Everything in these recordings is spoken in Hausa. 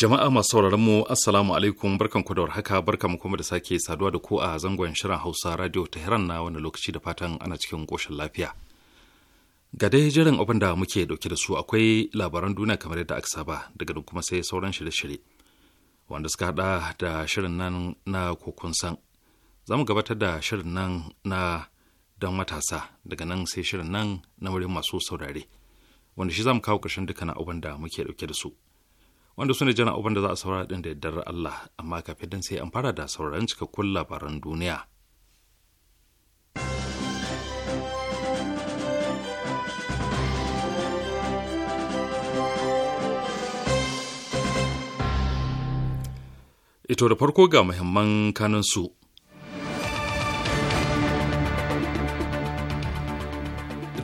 Jama'a masu sauraron mu Assalamu alaikum kwadawar da warhaka mu kuma da sake saduwa da ku a zangon shirin Hausa Radio Tehran na wani lokaci da fatan ana cikin koshin lafiya. Ga dai jiran abin da muke dauke da su akwai labaran duniya kamar yadda aka saba daga nan kuma sai sauran shirye-shirye wanda suka hada da shirin nan na kokun san. Za mu gabatar da shirin nan na don matasa daga nan sai shirin nan na wurin masu saurare wanda shi za mu kawo ƙarshen dukkan abin da muke dauke da su. wanda su ne jana uban da za a saurara din da yardar Allah amma kafin dan sai an fara da sauraron cikakkun labaran duniya. Ito da farko ga muhimman kanansu.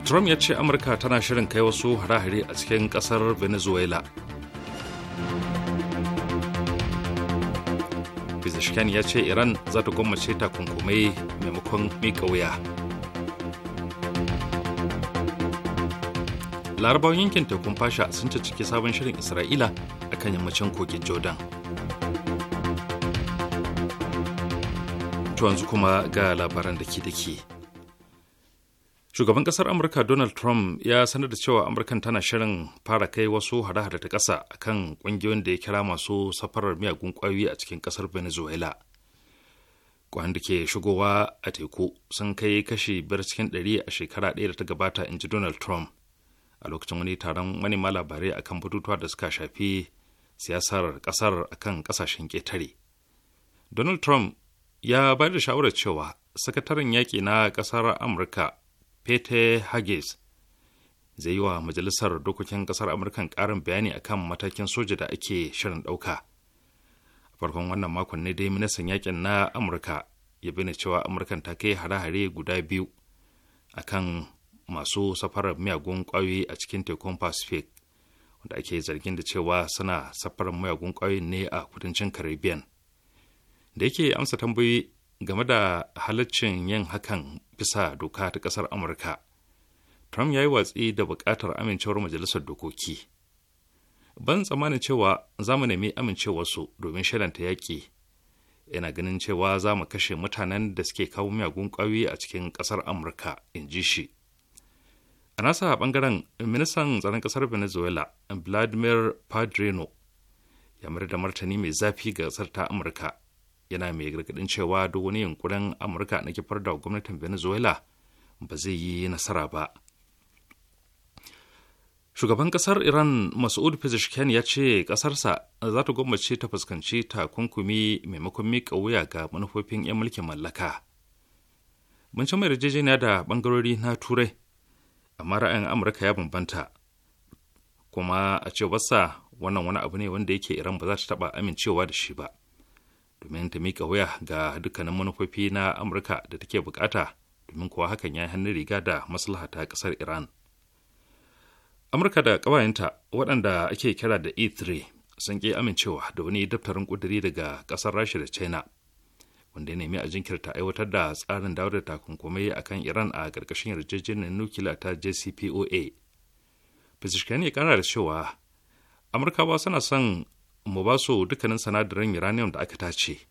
Trump ya ce Amurka tana shirin kai wasu hare-hare a cikin ƙasar Venezuela. pezeshkian ya ce iran za ta gwammace takunkumai maimakon miƙa wuya larabawan yankin tekun fasha sun ciki sabon shirin isra'ila a kan yammacin kogin jordan to yanzu kuma ga labaran da ke da ke shugaban kasar amurka donald trump ya sanar da cewa amurkan tana shirin fara kai wasu hada-hada ta ƙasa kan ƙungiyoyin da ya kira masu safarar miyagun ƙwayoyi a cikin ƙasar venezuela ƙwayan da ke shigowa a teku sun kai kashi biyar cikin ɗari a shekara ɗaya da ta gabata in ji donald trump a lokacin wani taron manema labarai akan batutuwa da suka shafi siyasar ƙasar kan ƙasashen ƙetare donald trump ya bayar da shawarar cewa sakataren yaƙi na ƙasar amurka pete hages zai yi wa majalisar dokokin kasar amurka ƙarin bayani akan matakin soja da ake shirin ɗauka a farkon wannan makon ne dai ministan yakin na amurka ya bayyana cewa amurkan ta kai hare-hare guda biyu akan masu safarar miyagun ƙwayoyi a cikin tekun pacific wanda ake zargin da cewa suna safarar miyagun ƙwayoyi ne a kudancin caribbean da yake amsa tambayoyi game da halaccin yin hakan bisa doka ta ƙasar amurka trump ya yi watsi da buƙatar amincewar majalisar dokoki ban tsammanin cewa za mu nemi amincewarsu domin shirinta yaƙi ina ganin cewa za mu kashe mutanen da suke kawo miyagun ƙwayoyi a cikin ƙasar amurka in ji shi a nasa ɓangaren ministan tsaron ƙasar venezuela vladimir padrino ya mayar da martani mai zafi ga ƙasar ta amurka yana mai gargadin cewa duk wani yunkurin amurka na kifar da gwamnatin venezuela ba zai yi nasara ba shugaban kasar iran masud pezeshkian ya ce kasarsa za ta gwammace ta fuskanci takunkumi maimakon miƙa wuya ga manufofin 'yan mulkin mallaka mun ci mai yarjejeniya da bangarori na turai amma ra'ayin amurka ya bambanta kuma a cewarsa wannan wani abu ne wanda yake iran ba za ta taɓa amincewa da shi ba domin ta mika waya ga dukkanin manufofi na amurka da take bukata domin kuwa hakan ya yi hannun riga da maslaha ta ƙasar iran amurka da ƙawayenta waɗanda ake kira da e3 sun ƙi amincewa da wani daftarin ƙuduri daga ƙasar rasha da china wanda ya nemi a jinkirta aiwatar da tsarin dawo da takunkumai a kan iran a ƙarƙashin yarjejeniyar nukila ta jcpoa fisishkani ya ƙara da cewa amurkawa suna son mu ba su dukkanin sanadarin uranium da aka tace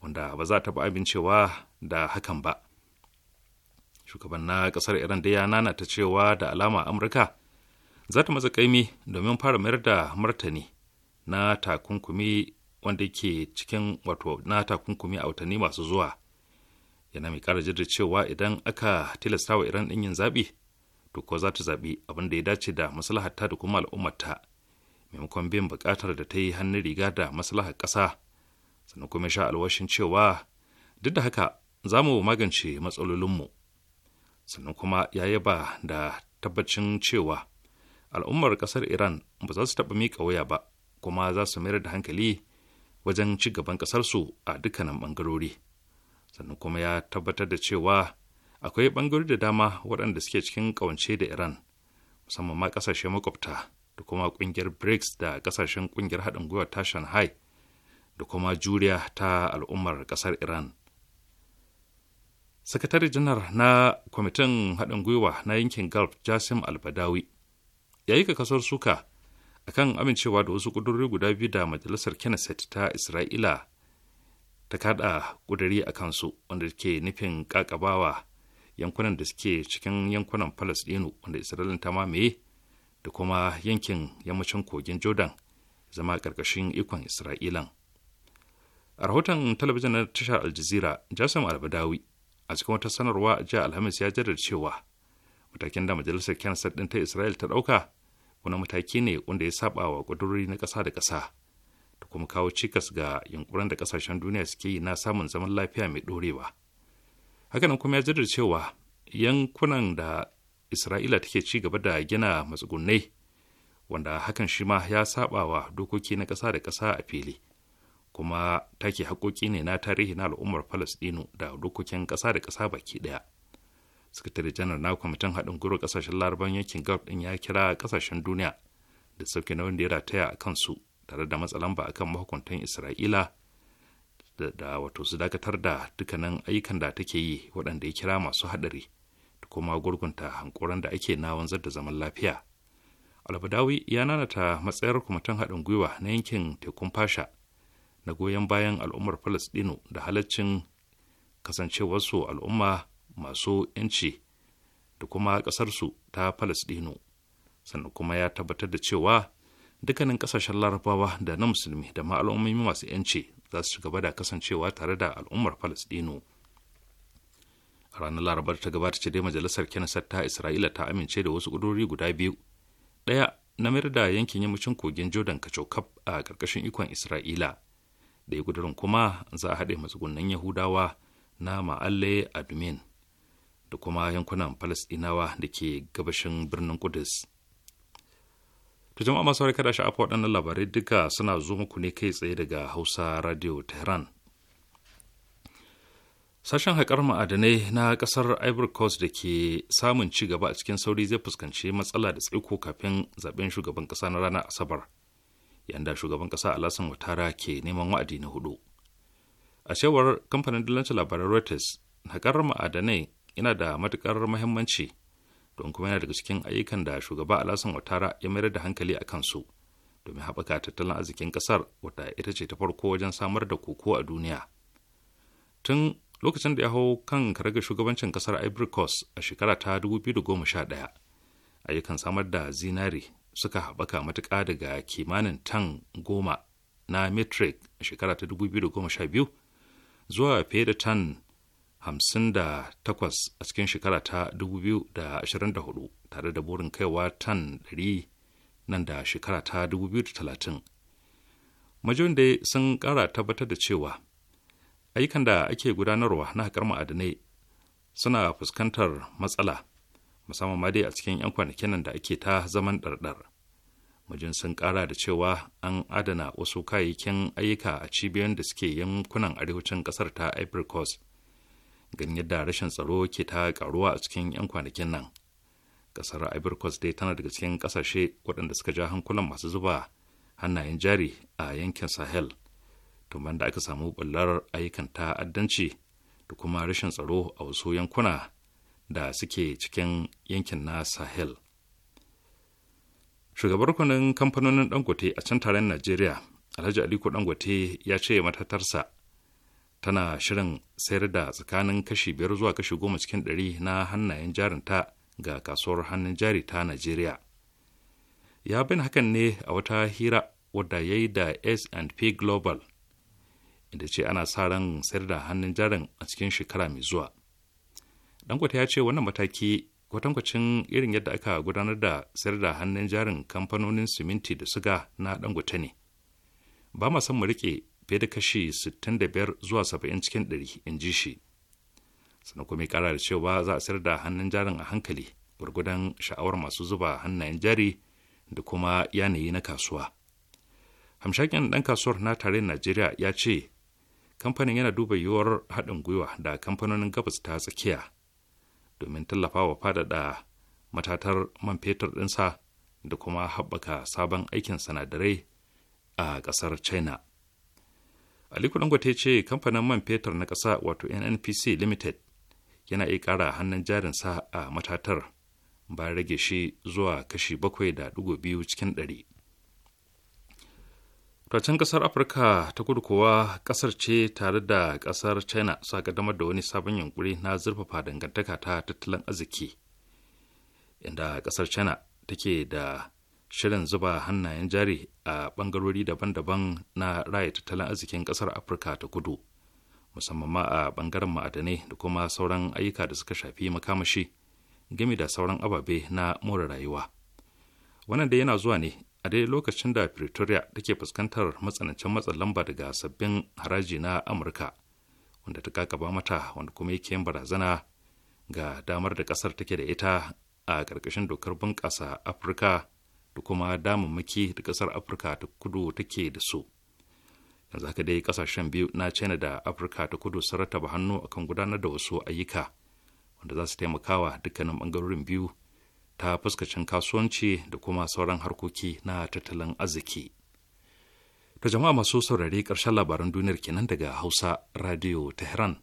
wanda ba za ta ba amincewa da hakan ba shugaban na kasar iran da ya nana ta cewa da alama amurka za ta matsa kaimi domin fara mayar da martani na takunkumi wanda ke cikin wato na takunkumi a watanni masu zuwa yana mai kara jirgin cewa idan aka tilasta wa iran ɗin yin zaɓi to ko za ta zaɓi abin da ya dace da maslahata da kuma al'ummata maimakon bin buƙatar da ta yi hannun riga da maslahar ƙasa sannan kuma sha alwashin cewa duk da haka za mu magance matsalolinmu sannan kuma ya yaba da tabbacin cewa al'ummar ƙasar iran ba za su taɓa miƙa waya ba kuma za su mayar da hankali wajen ci gaban ƙasarsu a dukkanin ɓangarori sannan kuma ya tabbatar da cewa akwai ɓangarori da dama waɗanda suke cikin ƙawance da iran musamman ma ƙasashe makwabta da kuma kungiyar brics da kasashen kungiyar haɗin gwiwa ta shanghai da kuma juriya ta al'ummar ƙasar iran sakatare janar na kwamitin haɗin gwiwa na yankin gulf jasim albadawi ya yi kasar suka akan amincewa da wasu ƙudurri guda biyu da majalisar knesset ta isra'ila ta kada ƙuduri a kansu wanda ke nufin ƙaƙabawa yankunan da suke cikin yankunan palestino wanda isra'ila ta mamaye da kuma yankin yammacin kogin jordan zama ƙarƙashin ikon isra'ilan a rahoton talabijin na tashar aljazira jasim albadawi a cikin wata sanarwa a jiya alhamis ya jaddada cewa matakin da majalisar kansar ɗin ta isra'il ta ɗauka wani mataki ne wanda ya saba wa kudurori na ƙasa da ƙasa da kuma kawo cikas ga yunkurin da ƙasashen duniya suke yi na samun zaman lafiya mai ɗorewa hakanan kuma ya jaddada cewa yankunan da isra'ila take ci gaba da gina matsugunai wanda hakan shi ma ya saba wa dokoki na ƙasa da ƙasa a fili kuma take haƙoƙi ne na tarihi na al'ummar falastinu da dokokin ƙasa da ƙasa baki ɗaya sakatare janar na kwamitin haɗin gwiwar ƙasashen laraban yankin gulf ɗin ya kira ƙasashen duniya da sauke nauyin da ya rataya a kansu tare da lamba a kan mahukuntan isra'ila da wato su dakatar da dukkanin ayyukan da take yi waɗanda ya kira masu haɗari kuma gurgunta hankuran da ake na wanzar da zaman lafiya albadawi ya nanata matsayar kwamitin haɗin gwiwa na yankin tekun fasha na goyon bayan al'ummar falasɗinu da halaccin kasancewarsu al'umma masu 'yanci da kuma ƙasarsu ta falasɗinu sannan kuma ya tabbatar da cewa dukkanin ƙasashen larabawa da na musulmi da ma al'ummomi masu 'yanci za su gaba da kasancewa tare da al'ummar falasɗinu ranar larabar ta gabata ce dai majalisar kenasar ta isra'ila ta amince da wasu ƙudurori guda biyu ɗaya na mayar da yankin yammacin kogin jordan kacokaf a ƙarƙashin ikon isra'ila da ya ƙudurin kuma za a haɗe matsugunan yahudawa na ma'alle admin da kuma yankunan falasɗinawa da ke gabashin birnin kudus ta jama'a masu kada sha'afa waɗannan labarai duka suna zo muku ne kai tsaye daga hausa radio tehran Sashen haƙar ma'adanai na ƙasar Ivory Coast da ke samun ci gaba a cikin sauri zai fuskanci matsala da tsaiko kafin zaɓen shugaban ƙasa na ranar Asabar, yanda shugaban ƙasa alasan watara ke neman wa'adi na hudu. A cewar kamfanin dillancin labaran Reuters, haƙar ma'adanai yana da matuƙar muhimmanci don kuma yana daga cikin ayyukan da shugaba Alassane Watara ya mayar da hankali a kansu domin haɓaka tattalin arzikin ƙasar wadda ita ce ta farko wajen samar da koko a duniya. Tun lokacin da ya hau kan karagar shugabancin kasar ivory coast a shekara ta 2011 ayyukan samar da zinari suka haɓaka matuƙa daga kimanin tan goma na metric a shekara ta 2012 zuwa fiye da tan 58 a cikin shekara ta 2024 tare da burin kaiwa tan 100 nan da shekara ta 2030 majon da sun ƙara tabbatar da cewa ayyukan da ake gudanarwa na haƙar ma'adanai suna fuskantar matsala musamman ma dai a cikin 'yan kwanakin nan da ake ta zaman ɗarɗar mujin sun ƙara da cewa an adana wasu kayayyakin ayyuka a cibiyoyin da suke yankunan arewacin ƙasar ta ivory coast ganin yadda rashin tsaro ke ta karuwa a cikin 'yan kwanakin nan ƙasar ivory coast dai tana daga cikin ƙasashe waɗanda suka ja hankulan masu zuba hannayen jari a yankin sahel tun da aka samu ɓullar ayyukan ta'addanci da kuma rashin tsaro a wasu yankuna da suke cikin yankin na sahel shugabar kwanin kamfanonin dangote a can taron najeriya alhaji aliko dangote ya ce matatarsa tana shirin sayar da tsakanin kashi biyar zuwa kashi goma cikin ɗari na hannayen jarinta ga kasuwar hannun jari ta najeriya ya bin hakan ne a wata hira wadda ya yi da S&P Global inda ce ana sa ran sayar da hannun jarin a cikin shekara mai zuwa dangote ya ce wannan mataki kwatankwacin irin yadda aka gudanar da sayar da hannun jarin kamfanonin siminti da suga na dangote ne ba ma son mu rike fiye da kashi 65 zuwa 70 cikin 100 in ji shi sannan kuma ya kara da cewa za a sayar da hannun jarin a hankali gwargwadon sha'awar masu zuba hannayen jari da kuma yanayi na kasuwa hamshakin ɗan kasuwar na tare najeriya ya ce kamfanin yana duba yiwuwar haɗin gwiwa da kamfanonin gabas ta tsakiya domin tallafa tallafawa faɗaɗa matatar man fetur ɗinsa da kuma haɓaka sabon aikin sinadarai a ƙasar china aliko dangote ce kamfanin man fetur na ƙasa wato nnpc limited yana iya ƙara hannun jarinsa a matatar bayan rage shi zuwa kashi bakwai da ɗigo biyu cikin ɗari ta can kasar afirka ta kudu kuwa kasar ce tare da kasar china sa kaddamar da wani sabon yunkuri na zurfafa dangantaka ta tattalin arziki inda kasar china take da shirin zuba hannayen jari a bangarori daban-daban na raya tattalin arzikin kasar afirka ta kudu musamman ma a bangaren ma'adanai da kuma sauran ayyuka da suka shafi makamashi gami da sauran ababe na more rayuwa wannan da yana zuwa ne a dai lokacin da pretoria take fuskantar matsanancin matsan lamba daga sabbin haraji na amurka wanda ta kakaba mata wanda kuma yake yin barazana ga damar da kasar take da ita a ƙarƙashin dokar bunƙasa afirka da kuma damammaki da kasar afirka ta kudu take da su yanzu haka dai kasashen biyu na china da afirka ta kudu sun rattaba hannu akan gudanar da wasu ayyuka wanda za su taimakawa dukkanin bangarorin biyu ta fuskacin kasuwanci da kuma sauran harkoki na tattalin arziki. To jama'a masu saurari ƙarshen labaran duniyar kenan daga Hausa Radio Tehran.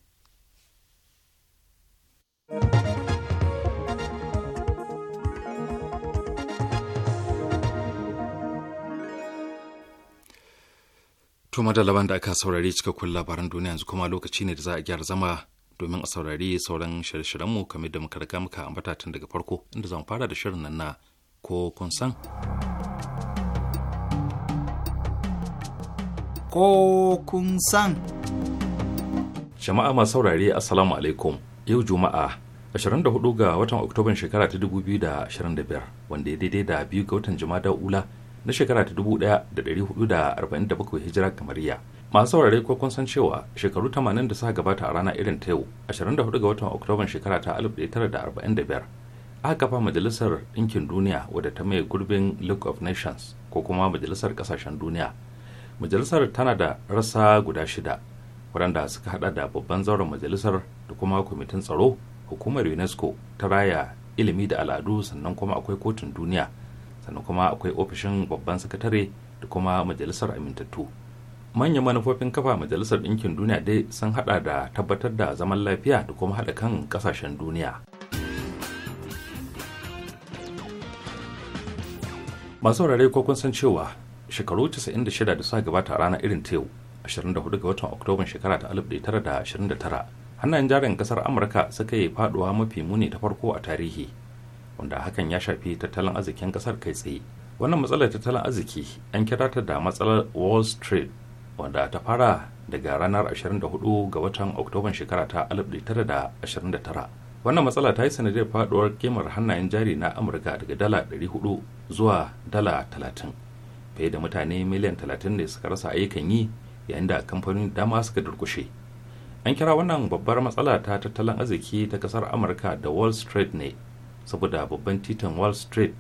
To laban da aka saurari cikakkun labaran duniya yanzu kuma lokaci ne da za a gyara zama domin a saurari sauran shirye-shiryenmu kamar da muka riga muka ambata tun daga farko inda zan fara da shirin nan na ko kun san. Ko kun san. Jama'a masu saurare Assalamu alaikum yau Juma'a 24 ga watan Oktoban shekara ta 2025 wanda ya daidai da biyu ga watan da Ula na shekara ta 1447 hijira kamariya. masu saurare ko kun san cewa shekaru 80 da suka gabata a rana irin ta yau 24 ga watan oktoban shekara ta 1945 aka kafa majalisar ɗinkin duniya wadda ta mai gurbin league of nations ko kuma majalisar ƙasashen duniya majalisar tana da rasa guda shida wadanda suka hada da babban zauren majalisar da kuma kwamitin tsaro hukumar unesco ta raya ilimi da al'adu sannan kuma akwai kotun duniya sannan kuma akwai ofishin babban sakatare da kuma majalisar amintattu manyan manufofin kafa majalisar ɗinkin duniya dai sun hada da tabbatar da zaman lafiya da kuma haɗa kan ƙasashen duniya masu wurare ko kun san cewa shekaru 96 da suka gabata a ranar irin ta yau 24 ga watan oktoban shekara ta 1929 hannayen jarin kasar amurka suka yi faduwa mafi muni ta farko a tarihi wanda hakan ya shafi tattalin arzikin kasar kai tsaye wannan matsalar tattalin arziki an kira ta da matsalar wall street wanda ta fara daga ranar 24 ga watan oktoban shekara ta 1929 wannan matsala ta yi sanadiyar faduwar kimar hannayen jari na amurka daga dala 400 zuwa dala 30 fiye da mutane miliyan 30 ne suka rasa ayyukan yi yayin da kamfanin dama suka durkushe an kira wannan babbar matsala ta tattalin arziki ta kasar amurka da wall street ne saboda babban titin wall street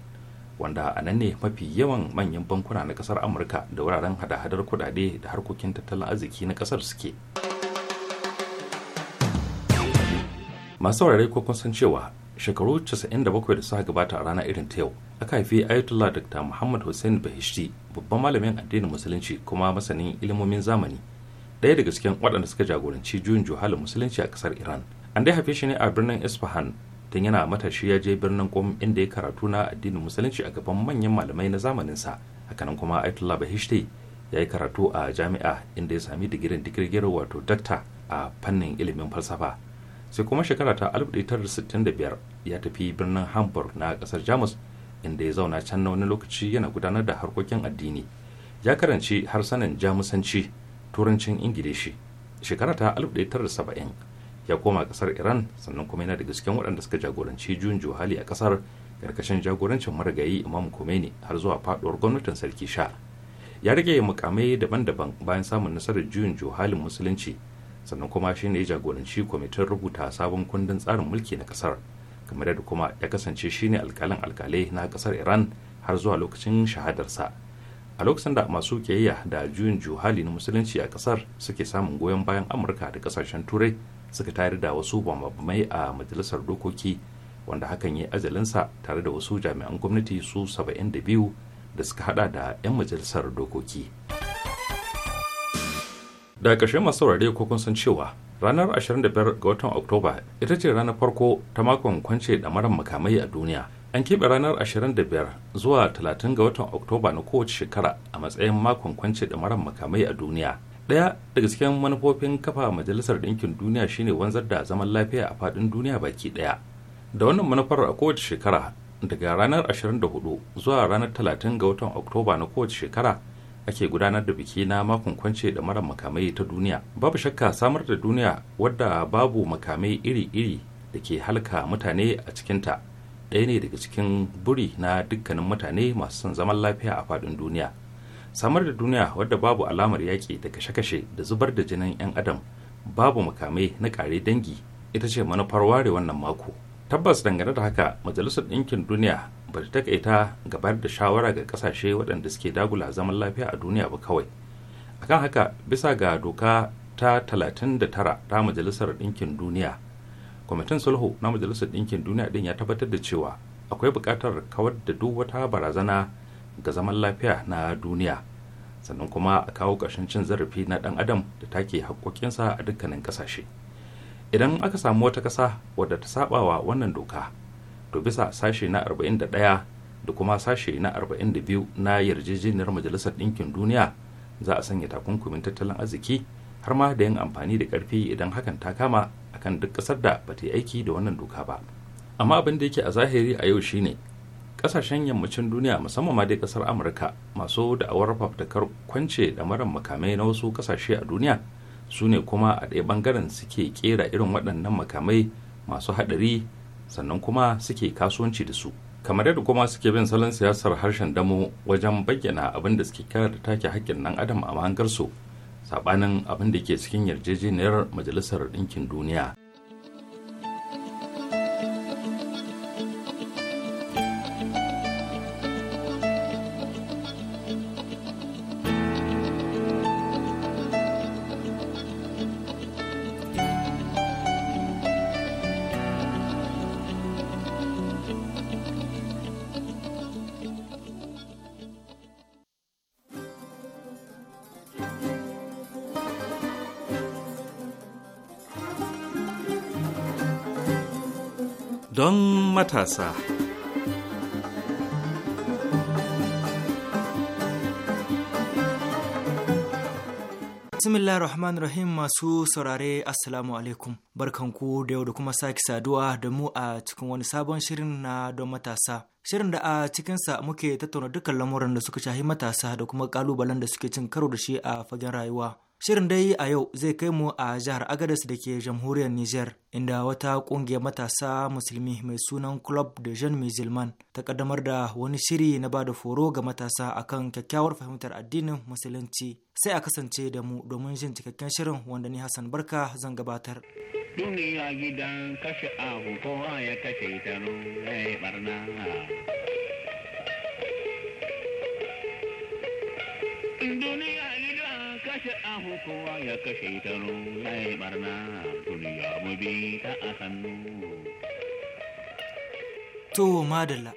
wanda a nan ne mafi yawan manyan bankuna na kasar amurka da wuraren hada-hadar kudade da harkokin tattalin arziki na kasar suke masu saurare ko kun san cewa shekaru 97 da suka gabata a rana irin ta yau aka haifi ayatollah dr muhammad hussein bahishti babban malamin addinin musulunci kuma masanin ilimomin zamani daya daga cikin waɗanda suka jagoranci juyin juhalin musulunci a kasar iran an dai haife shi ne a birnin isfahan tun yana matashi ya je birnin kom inda ya karatu na addinin musulunci a gaban manyan malamai na zamaninsa hakanan kuma ayatollah bahishte ya yi karatu a jami'a inda ya sami digirin digirgir wato dakta a fannin ilimin falsafa sai kuma shekara ta 1965 ya tafi birnin hamburg na kasar jamus inda ya zauna can na wani lokaci yana gudanar da harkokin addini ya karanci har sanin jamusanci turancin ingilishi shekara ta 1970 ya koma kasar iran sannan kuma yana daga cikin waɗanda suka jagoranci juyin juhali a kasar karkashin jagorancin marigayi imam khomeini har zuwa faduwar gwamnatin sarki sha ya rage mukamai daban-daban bayan samun nasarar juyin juhalin musulunci sannan kuma shine ya jagoranci kwamitin rubuta sabon kundin tsarin mulki na kasar kamar yadda kuma ya kasance shine alkalin alkalai na kasar iran har zuwa lokacin shahadarsa a lokacin da masu kiyayya da juyin juhali na musulunci a kasar suke samun goyon bayan amurka da kasashen turai suka tayar da wasu bambamai a majalisar dokoki wanda hakan ya ajalinsa tare da wasu jami'an gwamnati su 72 da suka hada da 'yan majalisar dokoki da kashe masu saurare ko kun san cewa ranar 25 ga watan oktoba ita ce ranar farko ta makon kwance da maran makamai a duniya an keɓe ranar 25 zuwa 30 ga watan oktoba na kowace shekara a matsayin makon kwance da ɗamarar makamai a duniya ɗaya daga cikin manufofin kafa majalisar ɗinkin duniya shine wanzar da zaman lafiya a faɗin duniya baki ɗaya da wannan manufar a kowace shekara daga ranar 24 zuwa ranar 30 ga watan oktoba na kowace shekara ake gudanar da biki na makon kwance da mara makamai ta duniya babu shakka samar da duniya wadda babu makamai iri-iri da ke halka mutane a cikinta ɗaya ne daga cikin buri na dukkanin mutane masu son zaman lafiya a faɗin duniya samar da duniya wadda babu alamar yaƙi da kashe-kashe da zubar da jinin 'yan adam babu makamai na ƙare dangi ita ce manufar ware wannan mako tabbas dangane da haka majalisar ɗinkin duniya ba ta takaita gabar da shawara ga ƙasashe waɗanda suke dagula zaman lafiya a duniya ba kawai akan haka bisa ga doka ta 39 ta majalisar ɗinkin duniya kwamitin sulhu na majalisar ɗinkin duniya ɗin ya tabbatar da cewa akwai buƙatar kawar da duk wata barazana ga zaman lafiya na duniya sannan kuma a kawo ƙarshen cin zarafi na ɗan adam da take haƙoƙinsa a dukkanin ƙasashe idan aka samu wata ƙasa wadda ta saba wa wannan doka to bisa sashe na 41 da kuma sashe na 42 na yarjejeniyar majalisar ɗinkin duniya za a sanya takunkumin tattalin arziki har ma da yin amfani da ƙarfi idan hakan ta kama akan duk ƙasar da ba ta yi aiki da wannan doka ba amma abin da yake a zahiri a yau shine kasashen yammacin duniya musamman ma dai kasar amurka masu da'awar fafutukar kwance da maran makamai na wasu kasashe a duniya su ne kuma a ɗaya bangaren suke kera irin waɗannan makamai masu haɗari sannan kuma suke kasuwanci da su kamar yadda kuma suke bin salon siyasar harshen damo wajen bayyana abin da suke kira da take haƙƙin ɗan adam a mahangarsu saɓanin abin da ke cikin yarjejeniyar majalisar ɗinkin duniya. matasa. Bismillah Rahman Rahim masu saurare Assalamu alaikum barkanku da yau da kuma sake saduwa da mu a cikin wani sabon shirin na don matasa. Shirin da a cikinsa muke tattauna dukkan lamuran da suka shahi matasa da kuma kalubalen da suke cin karo da shi a fagen rayuwa. Shirin dai a yau zai kai mu a jihar Agadez da ke jamhuriyar Nijar, inda wata ƙungiyar matasa musulmi mai sunan Club de Jean Musulman ta kaddamar da wani shiri na ba da foro ga matasa akan kyakkyawar fahimtar addinin musulunci. Sai a kasance da mu domin jin cikakken shirin wanda ni Hassan Barka zan gabatar. Duniya kashe ahu kowa ya kashe ta mai barna duniya mu bi ta a hannu. To madalla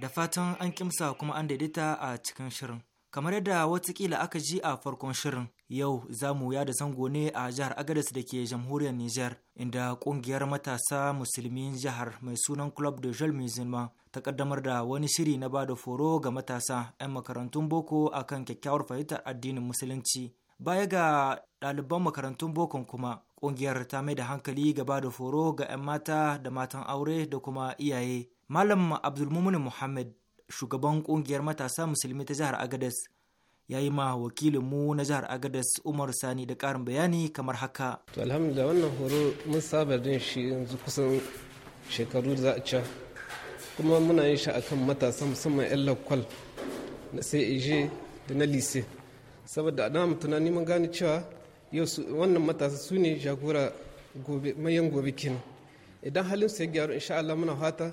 da fatan an kimsa kuma an daidaita a cikin shirin kamar yadda watakila aka ji a farkon shirin Yau za mu yada zango ne a jihar Agadez da ke jamhuriyar Nijar, inda kungiyar matasa musulmin jihar mai sunan Club de Jeunes Musulman ta kaddamar da wani shiri na bada foro ga matasa 'yan makarantun boko akan kyakkyawar fahimtar addinin musulunci. Baya ga ɗaliban makarantun bokon kuma, kungiyar ta mai da hankali ga bada foro ga 'yan mata da matan aure da kuma iyaye. Malam Abdulmumin Muhammad, shugaban kungiyar matasa musulmi ta jihar Agadez, ya yi ma wakilinmu na jihar agadas umar sani da karin bayani kamar haka to alhamdulillah wannan horo mun saba din shi yanzu kusan shekaru za a ci kuma muna yin shi akan matasa musamman yan lakwal na sai da na lise saboda na tunani mun gane cewa yau wannan matasa su ne jagora mayan gobe kenan idan halin su ya gyaru insha Allah muna fata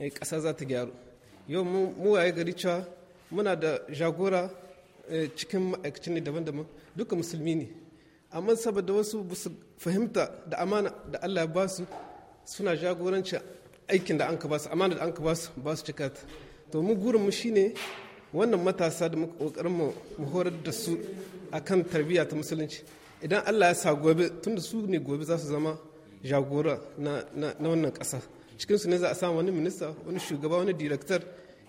eh, ƙasa za ta gyaru yau mu waye gari cewa muna da jagora Eh, cikin ma'aikacin ne daban-daban duka musulmi ne amma saboda wasu ba su fahimta da amana da Allah ba su suna jagorancin aikin da an ka ba su amana da an ka ba su ba su cika ta to mu gurin mu shine wannan matasa da muka kokarin mu horar da su akan tarbiyya ta musulunci idan Allah ya sa gobe tunda su ne gobe za su zama jagora na wannan kasa cikin su ne za a samu wani minista wani shugaba wani director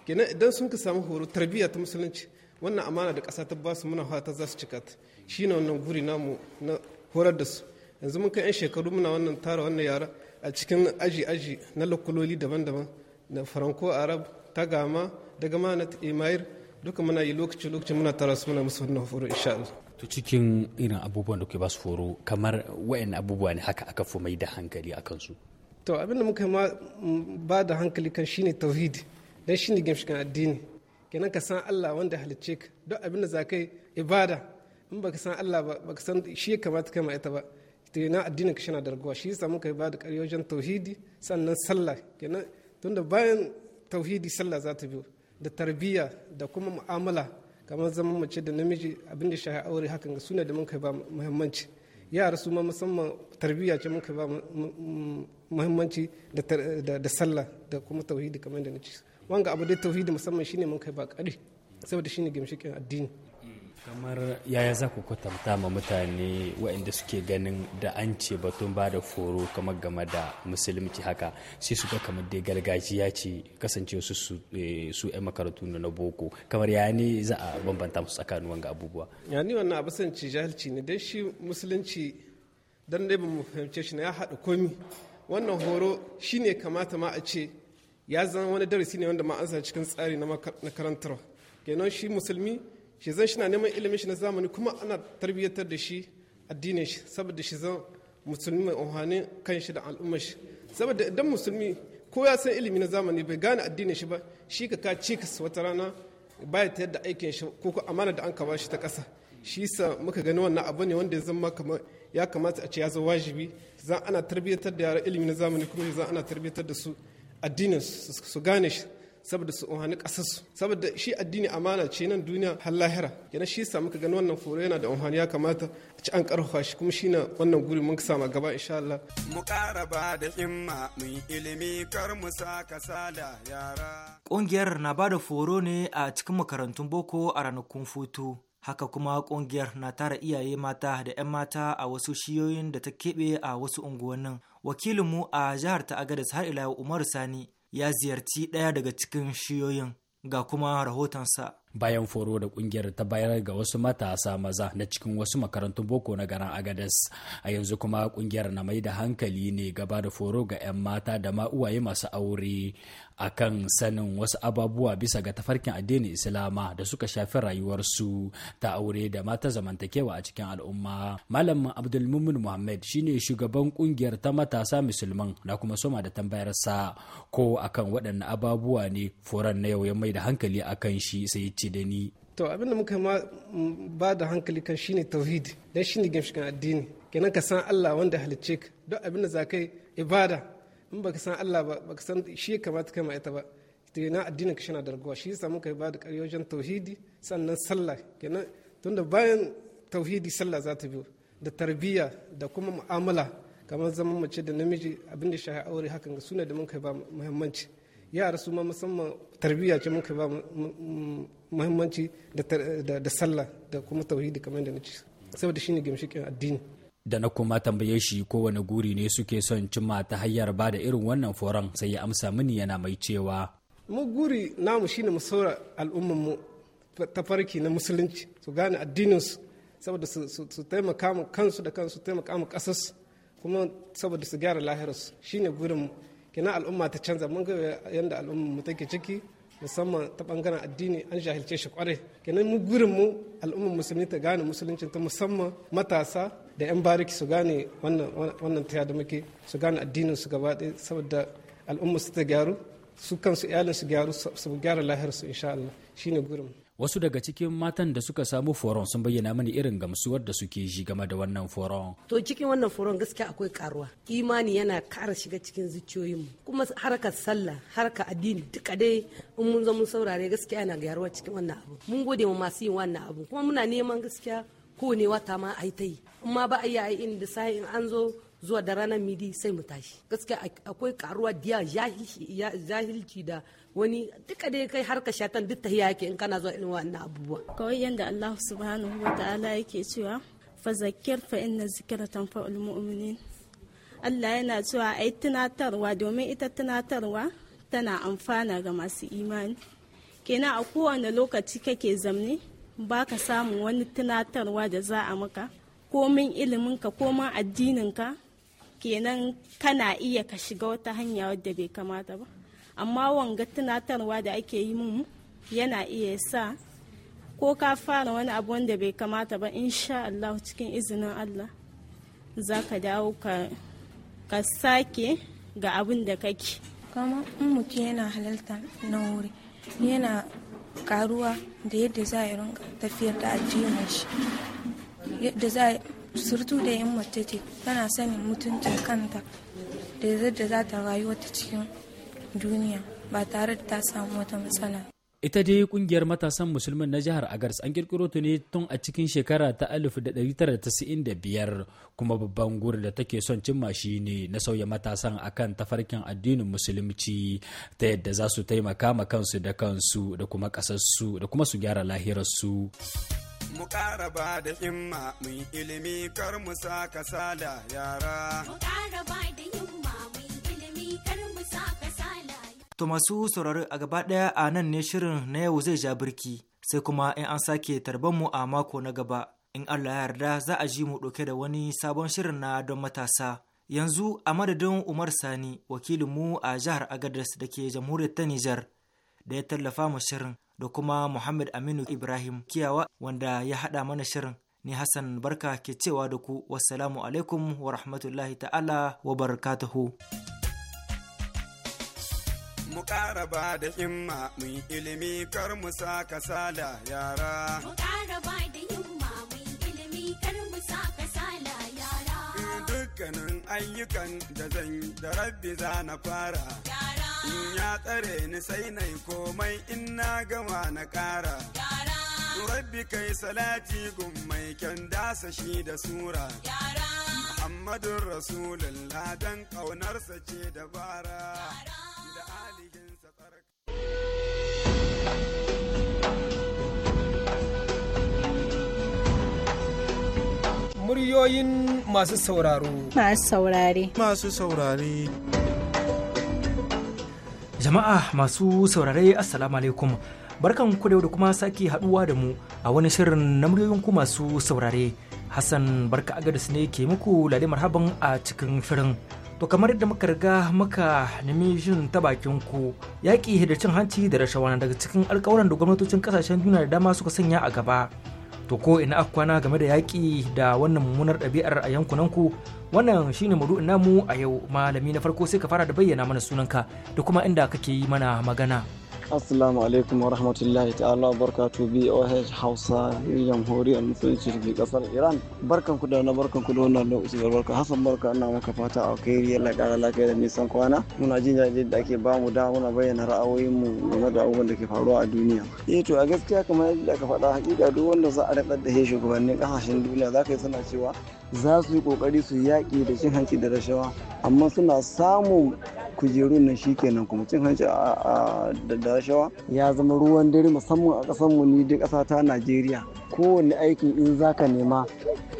kenan idan sun ka samu horo tarbiyya ta musulunci wannan amana da ƙasa ta basu muna fata za su cika shi ne wannan guri namu na horar da su yanzu mun kai 'yan shekaru muna wannan tara wannan yara a cikin aji-aji na lokuloli daban-daban na faranko arab tagama da gama na imayir duka muna yi lokaci-lokaci muna tara su muna musu wannan horo insha to cikin irin abubuwan da ke ba su horo kamar wayan abubuwa ne haka aka fi mai da hankali a kansu to abin da muka ma ba da hankali kan shine tauhidi dan shine gimshikan addini kenan ka san Allah wanda halicce ka duk abin da za kai ibada in baka san Allah ba baka san shi ya kamata kai ita ba na addinin ka shana darguwa shi yasa muka ba da ƙarfi wajen tauhidi sannan sallah kenan tunda bayan tauhidi sallah za ta biyo da tarbiyya da kuma mu'amala kamar zaman mace da namiji abin da shahi aure hakan ga suna da mun kai ba muhimmanci yara su ma musamman tarbiyya ce mun kai ba muhimmanci da sallah da kuma tauhidi kamar da na ce wanga abu dai tauhidi musamman shine mun kai ba kare saboda shine gimshikin addini kamar yaya za ku kwatanta ma mutane waɗanda suke ganin da an ce batun ba da foro kamar game da musulunci haka sai su ga kamar dai gargajiya ce kasance su su yan eh, makarantu na boko kamar ya ne za a bambanta musu tsakanin wanga abubuwa ya ni wannan abu san ci jahilci ne dan shi musulunci dan dai ba mu fahimce shi na ya haɗa komi wannan horo shine kamata ma a ce ya zama wani darasi ne wanda ma an cikin tsari na karantarwa kenan shi musulmi shi zan shi na neman ilimin shi na zamani kuma ana tarbiyyatar da shi addinin shi saboda shi zan musulmi mai unhanin kan shi da al'ummar shi saboda idan musulmi ko ya san ilimi na zamani bai gane addinin shi ba shi ka ka cikas wata rana baya ta yadda aikin shi ko ko amana da an ka bashi ta ƙasa shi sa muka gani wannan abu ne wanda zama kamar ya kamata a ce ya zama wajibi zan ana tarbiyyatar da yaran ilimi na zamani kuma zan ana tarbiyyatar da su addinin su gane shi saboda su unhani kasarsu saboda shi addini amana ce nan duniya har lahira yana shi yasa muka gani wannan foro yana da unhani ya kamata a ci an karfafa shi kuma shi na wannan guri mun sama gaba insha Allah mu ba da himma mu ilimi kar mu sa kasala yara kungiyar na bada foro ne a cikin makarantun boko a ranakun futu haka kuma kungiyar na tara iyaye mata da 'yan mata a wasu shiyoyin da ta keɓe a wasu unguwannin wakilinmu a jihar ta agadas har ila umaru sani ya ziyarci ɗaya daga cikin shiyoyin ga kuma rahotonsa bayan foro da kungiyar ta bayar ga wasu matasa maza na cikin wasu makarantun boko na garin agadas a yanzu kuma kungiyar na mai da hankali ne gaba da foro ga 'yan mata da ma uwaye masu aure a kan sanin wasu ababuwa bisa ga tafarkin addinin islama da suka shafi rayuwarsu ta aure da mata zamantakewa a cikin al'umma malam abdulmumin muhammad shine shugaban kungiyar ta matasa musulman na kuma soma da tambayarsa ko akan waɗannan ababuwa ne foran na yau ya mai da hankali akan shi sai ce ce da ni to abin da muka mm, ba da hankali kan shine tauhidi dan shine ginshikan addini kenan ka san Allah wanda halicce ka duk abin da zakai ibada in baka san Allah ba baka san shi ya kamata kai ita ba kenan addinin ka shine na shi yasa muka ba da ƙarfi tauhidi sannan sallah kenan tunda bayan tauhidi sallah za ta biyo da tarbiyya da kuma mu'amala kamar zaman mace da namiji abin da shahi aure hakan ga suna da muka kai ba muhimmanci yara su ma musamman tarbiyya ce muka ba muhimmanci da sallah da kuma tauhidi kamar da nace saboda shine gimshikin addini da na kuma tambaye shi kowane guri ne suke son cimma ta hanyar ba da irin wannan foron sai ya amsa mini yana mai cewa mu guri namu shine mu saura al'ummar mu ta farki na musulunci su gane addinin su saboda su taimaka mu kansu da kansu taimaka mu kasas kuma saboda su gyara lahirarsu shine gurin mu kina al'umma ta canza mun ga yanda al'umma mu take ciki musamman ta bangaren addini an jahilce shi kwarai kenan mu gurin mu al'ummar musulmi ta gane musuluncin ta musamman matasa da yan bariki su gane wannan ta da muke su gane addinin su gaba ɗaya saboda al'ummar su ta gyaru su kansu iyalin su gyaru su gyara lahirsu insha Allah shine gurin mu wasu daga cikin matan da suka samu foron sun bayyana mani irin gamsuwar da suke ji game da wannan foron to cikin wannan foron gaskiya akwai karuwa imani yana kara shiga cikin mu. kuma harkar sallah harkar addini duka dai in mun zo mun saurare gaskiya yana gyaruwa cikin wannan abu mun gode mu masu yin wannan abu kuma muna neman gaskiya kowane wata ma a ta yi amma ba a yi a yi inda sa'in an zo zuwa da ranar midi sai mu tashi gaskiya akwai karuwa diya jahilci da wani duka dai kai harka shatan duk tahiya yake in kana zuwa irin wannan abubuwa kawai yadda Allah subhanahu wa ta'ala yake cewa fa zakkir fa inna zikra tanfa'ul mu'minin Allah yana cewa ai tunatarwa domin ita tunatarwa tana amfana ga masu imani kenan a kowane lokaci kake zamne baka samun wani tunatarwa da za a maka komin iliminka komin addininka kenan kana iya ka shiga wata hanya wadda bai kamata ba amma wanga tunatarwa da ake yi mun yana iya sa ko ka fara wani abu wanda bai kamata ba insha Allah cikin izinin Allah za ka dawo ka sake ga abin da kake kama in mutum yana halarta na wuri yana karuwa da yadda za a rinka tafiyar da addinin shi yadda za a surtu da yin mace tana sanin mutuncin kanta da yadda za ta rayuwa ta cikin duniya ba tare da ta samu wata matsala. Ita dai kungiyar matasan musulmin na jihar Agars an kirkiro ta ne tun a cikin shekara ta 1995 kuma babban gurin da take son cimma shi ne na sauya matasan a kan tafarkin addinin musulunci ta yadda za su taimaka ma kansu da kansu da kuma kasarsu da kuma su gyara lahirarsu. Mu ƙara ba da himma mu ilimi kar mu sa da yara. Mu ƙara ba da To masu saurari a gaba ɗaya a nan ne shirin na yau zai ja birki sai kuma in an sake mu a mako na gaba. In Allah ya yarda za a ji mu ɗauke da wani sabon shirin na don matasa. Yanzu a madadin Umar Sani wakilin mu a jihar Agadez da ke jamhuriyar ta Nijar da ya tallafa mu shirin da kuma Muhammad Aminu Ibrahim Kiyawa wanda ya haɗa mana shirin. Ni Hassan Barka ke cewa da ku wassalamu alaikum wa rahmatullahi ta'ala wa barakatuhu. mu ƙara ba da himma mu yi ilimi kar mu sa kasala yara. Mu ƙara ba da himma mu ilimi kar mu sa kasala yara. Dukkanin ayyukan da zan da rabbi za na fara. Yara. Ya tsare ni sai na yi komai in na gama na ƙara. Yara. Rabbi kai salati gummai kyan dasa shi da sura. Yara. Muhammadun Rasulullah dan ƙaunarsa ce dabara. Yara. da Muryoyin masu sauraro. Masu saurare. Masu saurare. Jama'a masu saurare Assalamu alaikum. Barkan ku da kuma sake haduwa da mu a wani shirin na muryoyin ku masu saurare. Hassan barka agadis ne ke muku lade marhaban a cikin firin. To kamar yadda muka riga muka nemi jin ta bakin ku yaƙi da cin hanci da rashawa daga cikin alƙawuran da gwamnatocin ƙasashen duniya da dama suka sanya a gaba. To ko ina aka kwana game da yaki da wannan mummunar ɗabi'ar a yankunan ku wannan shine maudu'in namu a yau malami na farko sai ka fara da bayyana mana sunanka da kuma inda kake yi mana magana. assalamu alaikum wa rahmatullahi ta'ala barka barkatu boh hausa jamhuriyar musulunci da kasar iran barkan ku da na barkan ku da wannan lokaci da barka hassan barka ina maka fata a kai yalla kara lafiya da nisan kwana muna jin jaje da ake ba mu da muna bayyana ra'ayoyinmu game da abubuwan da ke faruwa a duniya eh to a gaskiya kamar yadda aka faɗa hakika duk wanda za a raɗar da shugabannin kasashen duniya za ka yi suna cewa za su yi kokari su yaƙi da cin hanci da rashawa amma suna samun kujerun nan shikenan kuma cin hanci da rashawa ya zama ruwan dare musamman a ƙasar mu ni dai ƙasa ta Najeriya kowane aiki in zaka nema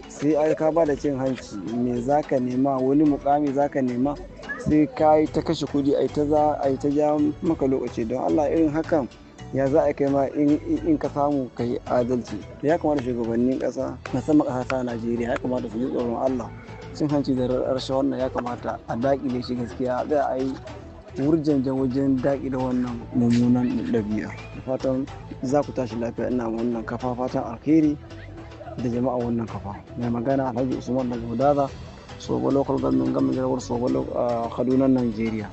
sai ai ka ba da cin hanci me zaka nema wani mukami zaka nema sai ka yi ta kashe kuɗi ai ta za ai ta ja maka lokaci don Allah irin hakan ya za a kai ma in ka samu ka yi adalci ya kamata shugabannin ƙasa sama ƙasa ta najeriya ya kamata su yi tsoron allah cin hanci da rarrashe wannan ya kamata a daƙile shi gaskiya za a yi wurjanjan wajen daƙi wannan mummunan ɗabi'a fatan za ku tashi lafiya ina wannan kafa fatan alheri da jama'a wannan kafa mai magana alhaji usman daga hudaza sobo local government gamin jirgin sobo ah, kaduna nigeria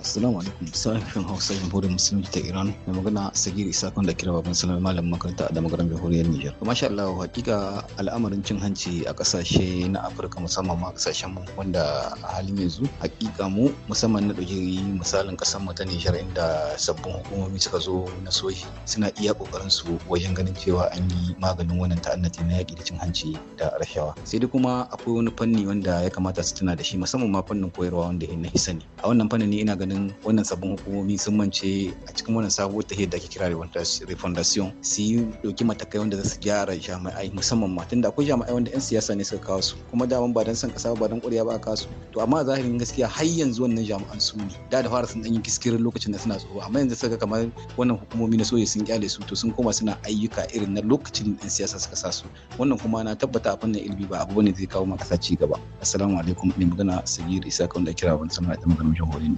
Assalamu alaikum kan Hausa Jamhuriyar Musulunci ta Iran mai magana Sagir Isa kan da kira baban salama malam makaranta a damagaran Jamhuriyar Nijar. Masha Allah hakika al'amarin cin hanci a kasashe na Afirka musamman ma kasashen mu wanda a halin yanzu hakika mu musamman na dauki misalin kasar mu ta Nijar inda sabbin hukumomi suka zo na soji suna iya kokarin su wajen ganin cewa an yi maganin wannan ta'annati na yaki da cin hanci da rashawa. Sai dai kuma akwai wani fanni wanda ya kamata su tuna da shi musamman ma fannin koyarwa wanda na hisani. A wannan fannin ina ganin ganin wannan sabon hukumomi sun mance a cikin wannan sabuwar tahiyar da ake kira refondation su yi doki matakai wanda za su gyara jami'ai musamman ma tunda akwai jami'ai wanda 'yan siyasa ne suka kawo su kuma daman ba dan san kasa ba dan ƙwarya ba a kasu to amma a zahirin gaskiya har yanzu wannan jami'an su ne da da fara sun dan yi kiskirin lokacin da suna tsoro amma yanzu suka kamar wannan hukumomi na soja sun kyale su to sun koma suna ayyuka irin na lokacin da 'yan siyasa suka sa su wannan kuma na tabbata a fannin ilimi ba abu bane zai kawo ma kasa ci gaba assalamu alaikum ne magana sagir isa kan da kira wani sama da maganin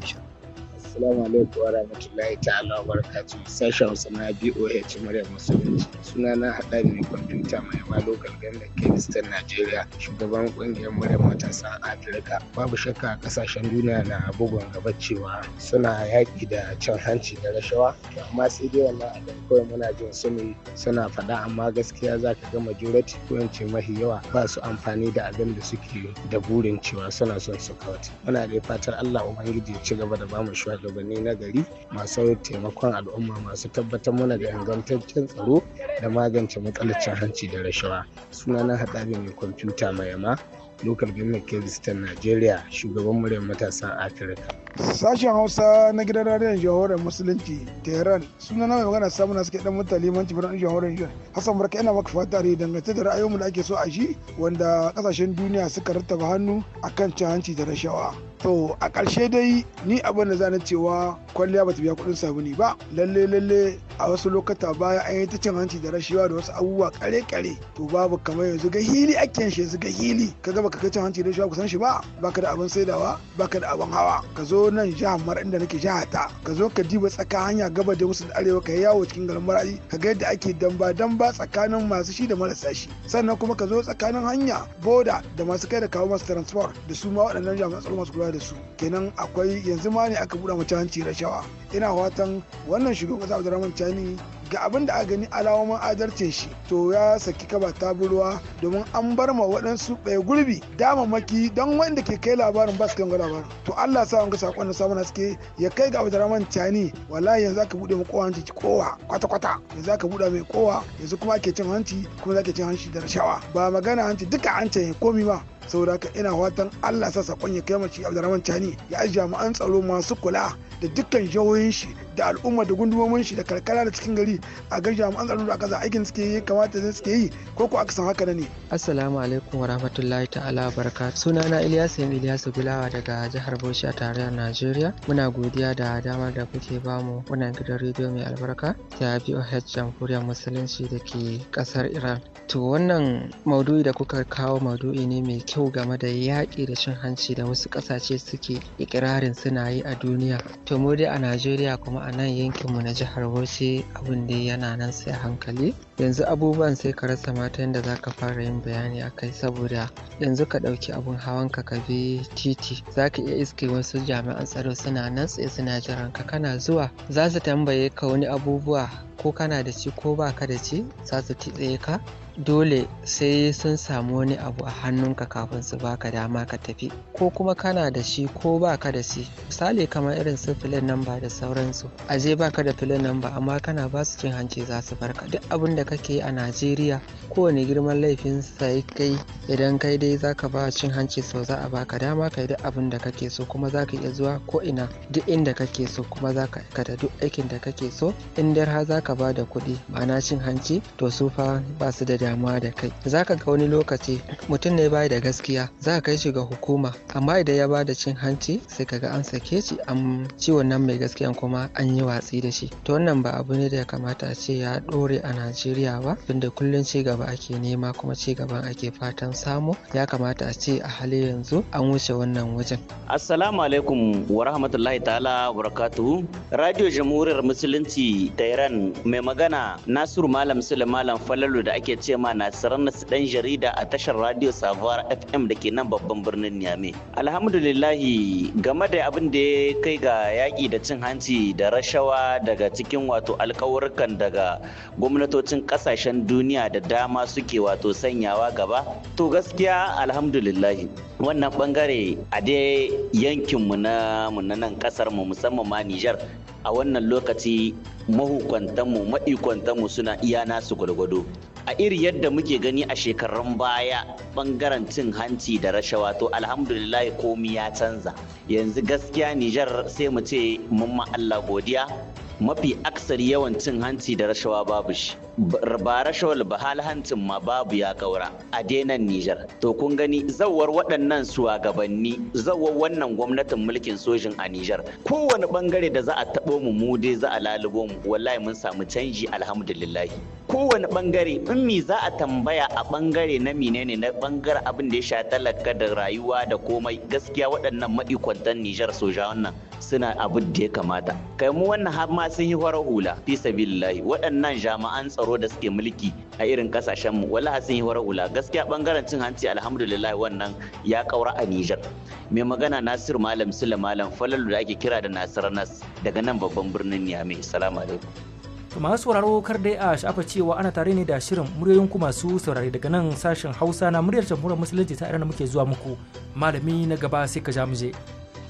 Assalamu alaikum wa rahmatullahi ta'ala wa barakatu. Sashen Hausa na BOH Murya Musulunci. Suna na haɗa ne kwamfuta mai ma lokal ganda Kingston, Najeriya. Shugaban ƙungiyar Murya Matasan Afirka. Babu shakka ƙasashen duniya na bugun gaba cewa suna yaƙi da cin hanci da rashawa. Amma sai dai wannan abin kawai muna jin su suna faɗa amma gaskiya za ka ga majority ko in ce mahi yawa ba su amfani da abin da suke da burin cewa suna son su kawata. Muna da fatar Allah Ubangiji ya ci gaba da bamu shuwa shugabanni na gari masu taimakon al'umma masu tabbatar mana da ingantaccen tsaro da magance matsalacin hanci da rashawa suna sunana haɗari mai kwamfuta mai yama lokal gwamnati kiristan najeriya shugaban muryar matasan afirka sashen hausa na gidan radiyon jihohoren musulunci tehran suna na magana samun na suke dan mutane limanci birnin jihohoren jihohar hassan barka yana maka fata ne dangance da ra'ayoyin da ake so a shi wanda kasashen duniya suka rattaba hannu a kan cin hanci da rashawa to a ƙarshe dai ni abin da zane cewa kwalliya ba ta biya kuɗin sabuni ba lalle lalle a wasu lokata baya an yi ta cin hanci da rashiwa da wasu abubuwa kare kare to babu kamar yanzu ga hili ake shi yanzu ga hili ka gaba ka cin hanci da rashiwa kusan shi ba baka da abin saidawa baka da abin hawa ka zo nan jihar mara inda nake jiha ta ka zo ka diba tsaka hanya gaba da musu da arewa ka yawo cikin garin maradi ka ga yadda ake damba damba tsakanin masu shi da marasa shi sannan kuma ka zo tsakanin hanya boda da masu kai da kawo masu transport da su ma waɗannan jami'an tsaro masu kula da su kenan akwai yanzu ma ne aka buɗe mata hanci rashawa ina fatan wannan shugaban kasa abdurrahman chani ga abin da a gani alawomin adalcin shi to ya saki kaba ta ruwa domin an bar ma waɗansu ɓaya gurbi damamaki don wanda ke kai labarin ba su kan labarin to Allah sa wanga sakon na samun haske ya kai ga Abdurrahman chani wallahi yanzu aka buɗe mu kowa hanci kowa kwata kwata yanzu aka buɗe mai kowa yanzu kuma ake cin hanci kuma ke cin hanci da rashawa ba magana hanci duka hancin komi ma saboda haka ina watan Allah sa sakon ya kai mace Abdurrahman Chani ya jami'an tsaro masu kula da dukkan jihohin shi da al'umma da gundumomin shi da karkara da cikin gari a ga jami'an tsaro da kaza aikin suke yi kamata zai suke yi ko ko aka san haka ne assalamu alaikum wa rahmatullahi ta'ala barka sunana Ilyasu Ilyasu Gulawa daga jihar Bauchi a tarayyar Najeriya muna godiya da damar da kuke bamu wannan gidan rediyo mai albarka ta BOH Jamhuriyar Musulunci da ke kasar Iran to wannan maudu'i da kuka kawo maudu'i ne mai kyau game da yaƙi da cin hanci da wasu ƙasashe suke ikirarin suna yi a duniya to mu dai a najeriya kuma a nan yankinmu na jihar bauchi abin da yana nan sai hankali yanzu abubuwan sai ka rasa matan da za ka fara yin bayani a kai saboda yanzu ka ɗauki abun hawan ka ka bi titi za ka iya iske wasu jami'an tsaro suna nan tsaye suna jiran ka kana zuwa za su tambaye ka wani abubuwa ko kana da shi ko ba ka da shi za su titse ka dole sai sun samu wani abu a hannunka kafin su baka dama ka tafi ko kuma kana da shi ko baka da shi misali kamar irin su filin ba da sauransu a je baka da filin nan ba, amma kana ba su cin hanci za su barka duk abin da kake a najeriya kowane girman laifin sai kai idan kai dai za ka ba cin hanci so za a baka dama kai duk abin da kake so kuma za ka iya zuwa ko ina duk inda kake so kuma za ka aikata duk aikin da kake so in dai har ka ba da kuɗi ma'ana cin hanci to su fa ba su da damuwa da kai za ka ga wani lokaci mutum ne bai da gaskiya za ka kai shi ga hukuma amma idan ya bada cin hanci sai ka ga an sake shi an ciwon nan mai gaskiya kuma an yi watsi da shi to wannan ba abu ne da ya kamata a ce ya dore a najeriya ba tunda kullum ci gaba ake nema kuma ci gaban ake fatan samu ya kamata a ce a hali yanzu an wuce wannan wajen assalamu alaikum wa rahmatullahi ta'ala wa radio jamhuriyar musulunci da iran mai magana nasiru malam sule malam falalu da ake ce ce ma Nasiru Nasu dan jarida a tashar Radio Savoir FM da ke nan babban birnin Niamey. Alhamdulillahi game da abin da ya kai ga yaƙi da cin hanci da rashawa daga cikin wato alkawurkan daga gwamnatocin ƙasashen duniya da dama suke wato sanyawa gaba. To gaskiya alhamdulillahi wannan bangare a dai yankinmu na nan kasar mu musamman ma Nijar a wannan lokaci mahukuntanmu ma'ikwantanmu suna iya nasu gwargwado a iri yadda muke gani a shekarun baya bangaren cin hanci da rashawa to alhamdulillah komi ya canza yanzu gaskiya nijar sai mu ce mun Allah godiya mafi aksari yawan cin hanci da rashawa babu shi bara ba ba hancin ma babu ya kaura a denan Nijar. To kun gani zawar waɗannan shugabanni zawar wannan gwamnatin mulkin sojin a Nijar. Kowane bangare da za a taɓo mu mu dai za a lalubo mu wallahi mun samu canji alhamdulillahi. Kowane bangare in mi za a tambaya a bangare na menene na bangare abin da ya sha talaka da rayuwa da komai gaskiya waɗannan ma'ikwantan Nijar soja nan suna abin da ya kamata. Kai mu wannan har ma sun yi hula fi sabilillahi waɗannan jami'an tsaro tsaro da suke mulki a irin kasashen mu wala sun yi hula gaskiya bangaren cin hanci alhamdulillah wannan ya kaura a Niger mai magana Nasir Malam Sule Malam Falalu da ake kira da Nasir Nas daga nan babban birnin Niamey assalamu alaikum masu sauraro kar dai a shafa cewa ana tare ne da shirin muryoyin ku masu saurare daga nan sashen hausa na muryar jamhuriyar musulunci ta iran muke zuwa muku malami na gaba sai ka ja mu je.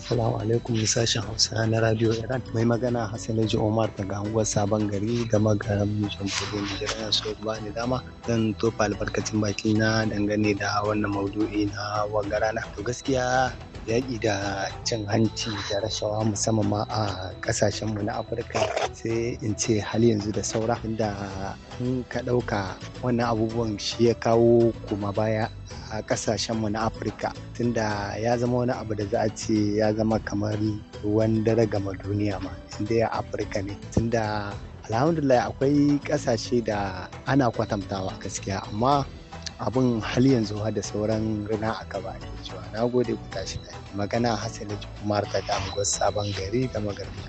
Assalamu alaikum sashen Hausa na Radio Iran. Mai magana hassan Hassanaju Omar daga unguwar Sabon Gari da magaran Jamhuriyar Nijar ya so ba ni dama zan tofa albarkacin baki na dangane da wannan maudu'i na wagarana. To gaskiya yaƙi da cin hanci da rashawa musamman ma a ƙasashenmu na afirka sai in ce hali yanzu da saura inda in ka ɗauka wannan abubuwan shi ya kawo kuma baya a ƙasashenmu na afirka tunda ya zama wani abu da za a ce ya zama kamar ruwan dare gama duniya ma inda ya afirka ne tunda alhamdulillah akwai ƙasashe da ana kwatantawa gaskiya amma abin hali yanzu da sauran rina a gaba kasuwa na gode ku tashi magana hasali umar daga anguwar sabon gari da magarba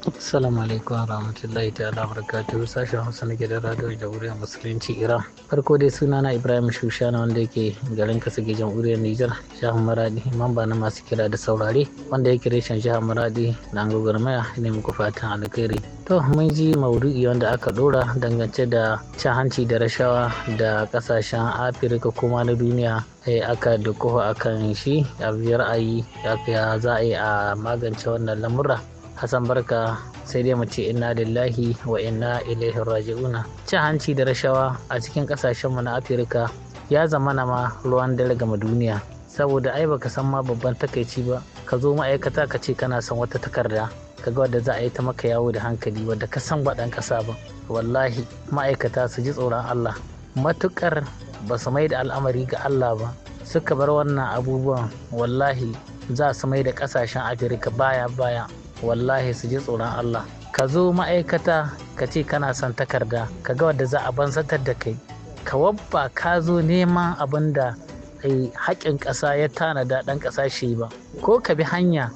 Assalamu alaikum wa rahmatullahi ta'ala barakatuhu sashen Hausa na gidan radio Jamhuriyar Musulunci Iran. Farko dai suna na Ibrahim Shushana wanda yake garin kasa ke Jamhuriyar Nijar, jihar Maradi, mamba na masu kira da saurare wanda yake reshen jihar Maradi Angogar Maya ne muku fatan alkhairi. To mun ji maudu'i wanda aka dora dangance da cin hanci da rashawa da kasashen Afirka kuma na duniya eh, aka a akan shi a biyar ayi ya za a yi a magance wannan lamura Hassan Barka sai dai mu ce inna lillahi wa inna ilaihi raji'una. Ci hanci da rashawa a cikin kasashenmu na Afirka ya zama ma ruwan dare gama duniya. Saboda ai baka san ma babban takaici ba, ka zo ma'aikata ka ce kana son wata takarda. Ka ga wadda za a yi ta maka yawo da hankali wadda ka san ba ɗan ƙasa ba. Wallahi ma'aikata su ji tsoron Allah. Matuƙar ba su mai da al'amari ga Allah ba, suka bar wannan abubuwan wallahi za su mai da kasashen afirka baya baya wallahi su ji tsoron Allah ka zo ma'aikata ka ce kana son takarda ka ga wadda za a bansatar da kai ka wabba ka zo neman abin da eh, haƙƙin ƙasa ya tanada ɗan ƙasa shi ba ko ka bi hanya